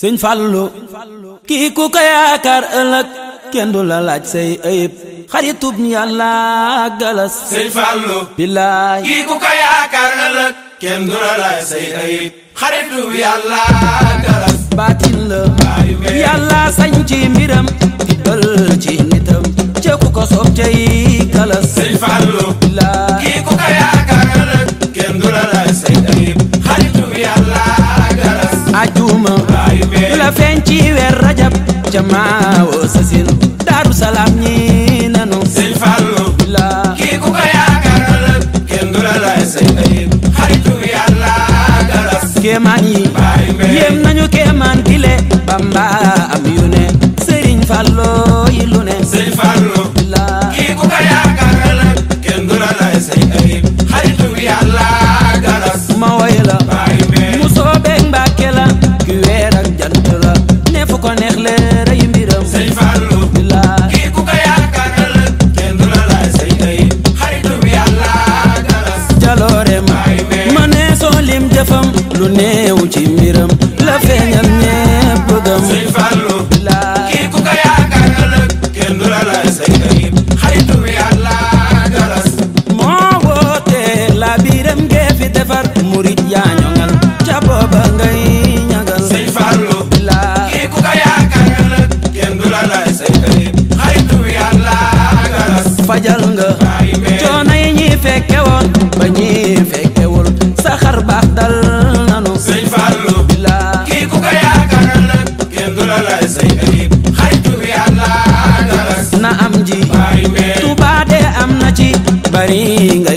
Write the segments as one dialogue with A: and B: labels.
A: sëñ Fallou kii ku ko yaakaar ëllëg kenn du la laaj say ayib xaritub yàlla galas sëñ Fallou baatin la yàlla sañ ci mbiram di ci nitam ca ku ko soob cay galas sëñ Fallou billaay my yi fekkewul saxar baax dal nanu sëñ Fallou bilaa kii ku ko yaakaar nag kenn du la lay say ayib xaritu bi na am ji bari mbee Tuubaa de am na ci bari nga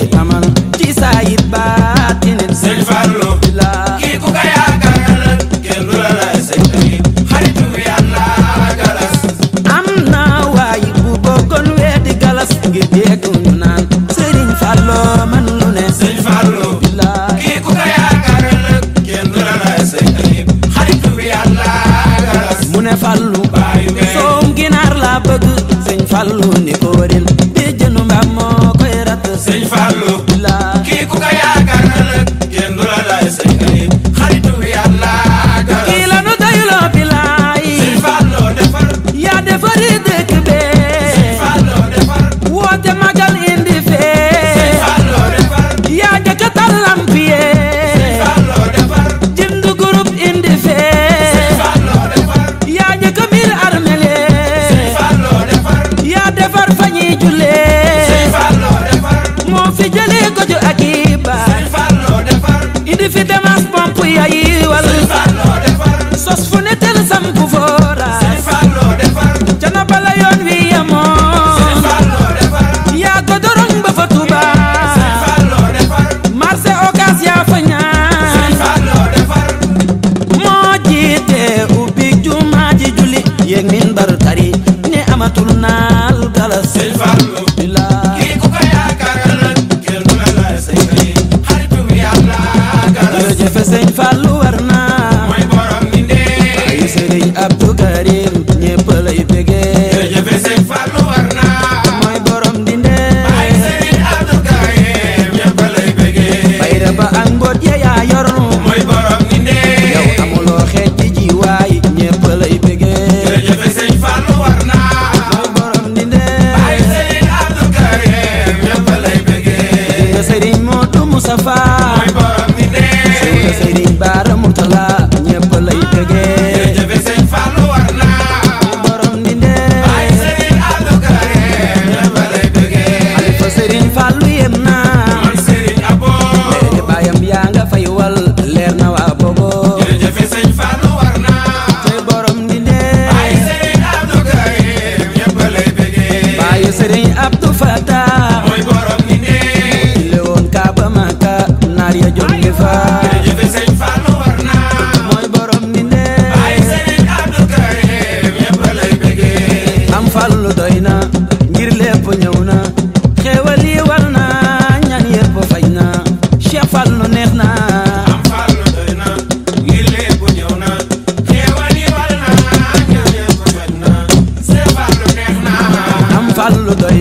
A: আল্লুদয়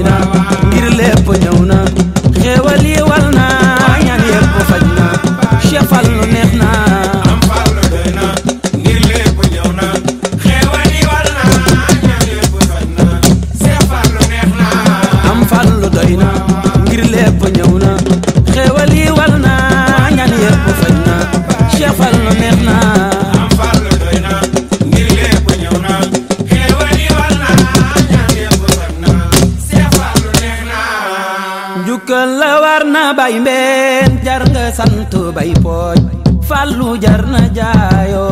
A: sant bay pooj fallu jar na jaayoo